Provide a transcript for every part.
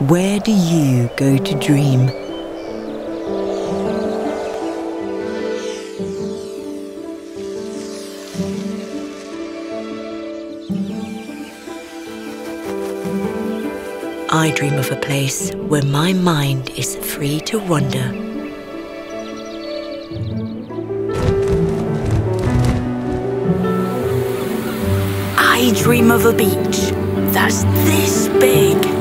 Where do you go to dream? I dream of a place where my mind is free to wander. I dream of a beach that's this big.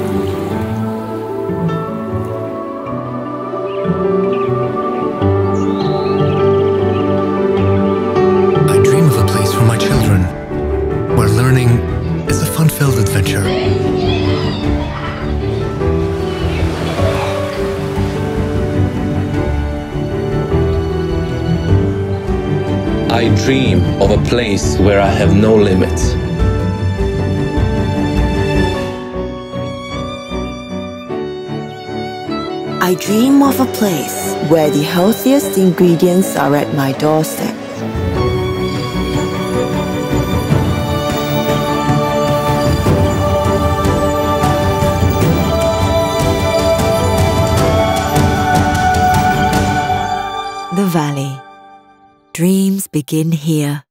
learning is a fun-filled adventure. I dream of a place where I have no limits. I dream of a place where the healthiest ingredients are at my doorstep. the valley. Dreams begin here.